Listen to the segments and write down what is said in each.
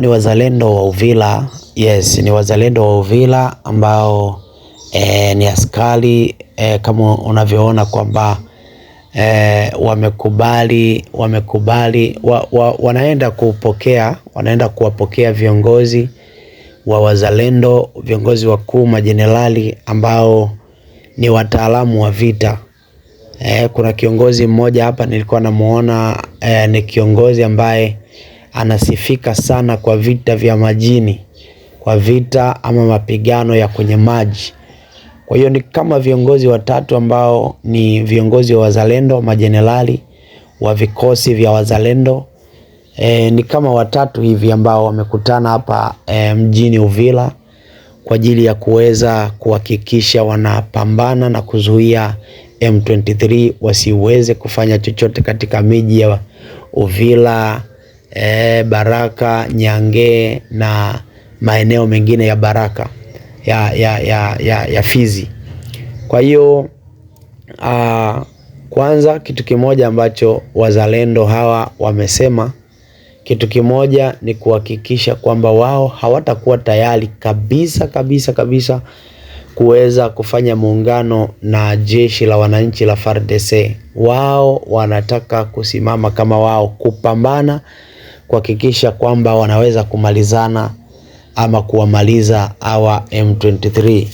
ni wazalendo wa Uvila. Yes, ni wazalendo wa Uvila ambao e, ni askari e, kama unavyoona kwamba e, wamekubali wamekubali wa, wa, wanaenda kupokea wanaenda kuwapokea viongozi wa wazalendo, viongozi wakuu, majenerali ambao ni wataalamu wa vita. E, kuna kiongozi mmoja hapa nilikuwa namuona e, ni kiongozi ambaye anasifika sana kwa vita vya majini, kwa vita ama mapigano ya kwenye maji. Kwa hiyo ni kama viongozi watatu ambao ni viongozi wa wazalendo, majenerali wa vikosi vya wazalendo e, ni kama watatu hivi ambao wamekutana hapa e, mjini Uvira kwa ajili ya kuweza kuhakikisha wanapambana na kuzuia M23 wasiweze kufanya chochote katika miji ya Uvira, e, Baraka, Nyangee na maeneo mengine ya Baraka ya, ya, ya, ya, ya Fizi. Kwa hiyo uh, kwanza kitu kimoja ambacho wazalendo hawa wamesema kitu kimoja ni kuhakikisha kwamba wao hawatakuwa tayari kabisa kabisa kabisa kuweza kufanya muungano na jeshi la wananchi la FARDC. Wao wanataka kusimama kama wao kupambana kuhakikisha kwamba wanaweza kumalizana ama kuwamaliza hawa M23.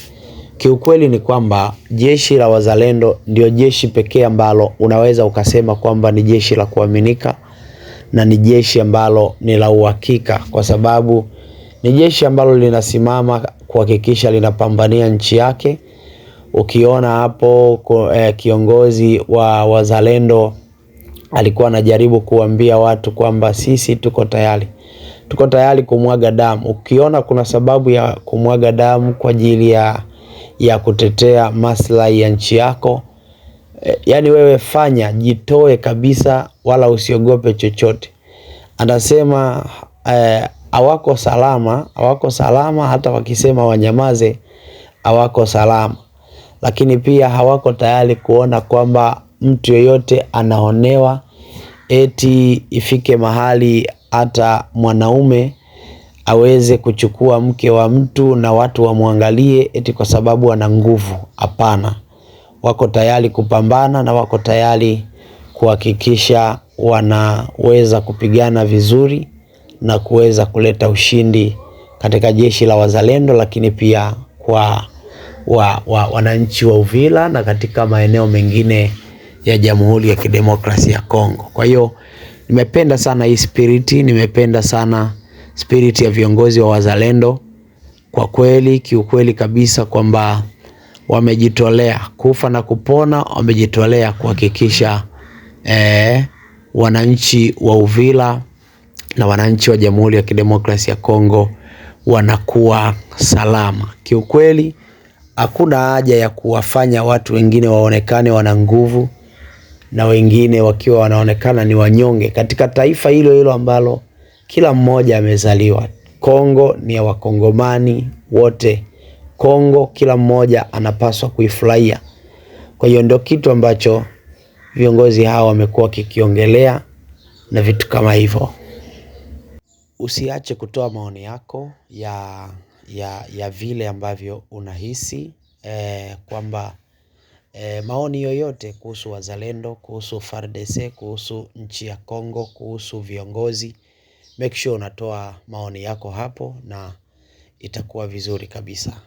Kiukweli ni kwamba jeshi la wazalendo ndio jeshi pekee ambalo unaweza ukasema kwamba ni jeshi la kuaminika na ni jeshi ambalo ni la uhakika, kwa sababu ni jeshi ambalo linasimama kuhakikisha linapambania nchi yake. Ukiona hapo eh, kiongozi wa wazalendo alikuwa anajaribu kuambia watu kwamba sisi tuko tayari, tuko tayari kumwaga damu. Ukiona kuna sababu ya kumwaga damu kwa ajili ya, ya kutetea maslahi ya nchi yako e, eh, yani wewe fanya, jitoe kabisa, wala usiogope chochote. Anasema eh, hawako e, salama, hawako salama, hata wakisema wanyamaze hawako salama, lakini pia hawako tayari kuona kwamba mtu yeyote anaonewa eti ifike mahali hata mwanaume aweze kuchukua mke wa mtu na watu wamwangalie eti kwa sababu ana nguvu. Hapana, wako tayari kupambana na wako tayari kuhakikisha wanaweza kupigana vizuri na kuweza kuleta ushindi katika jeshi la wazalendo, lakini pia kwa wa, wa, wananchi wa Uvira na katika maeneo mengine ya Jamhuri ya Kidemokrasia ya Kongo. Kwa hiyo nimependa sana hii spiriti, nimependa sana spiriti ya viongozi wa wazalendo kwa kweli, kiukweli kabisa kwamba wamejitolea kufa na kupona, wamejitolea kuhakikisha eh, wananchi wa Uvira na wananchi wa Jamhuri ya Kidemokrasia ya Kongo wanakuwa salama. Kiukweli hakuna haja ya kuwafanya watu wengine waonekane wana nguvu na wengine wakiwa wanaonekana ni wanyonge katika taifa hilo hilo ambalo kila mmoja amezaliwa. Kongo ni ya wakongomani wote. Kongo kila mmoja anapaswa kuifurahia. Kwa hiyo ndio kitu ambacho viongozi hawa wamekuwa wakikiongelea na vitu kama hivyo. Usiache kutoa maoni yako ya, ya, ya vile ambavyo unahisi eh, kwamba E, maoni yoyote kuhusu wazalendo, kuhusu FARDC, kuhusu nchi ya Kongo, kuhusu viongozi, make sure unatoa maoni yako hapo na itakuwa vizuri kabisa.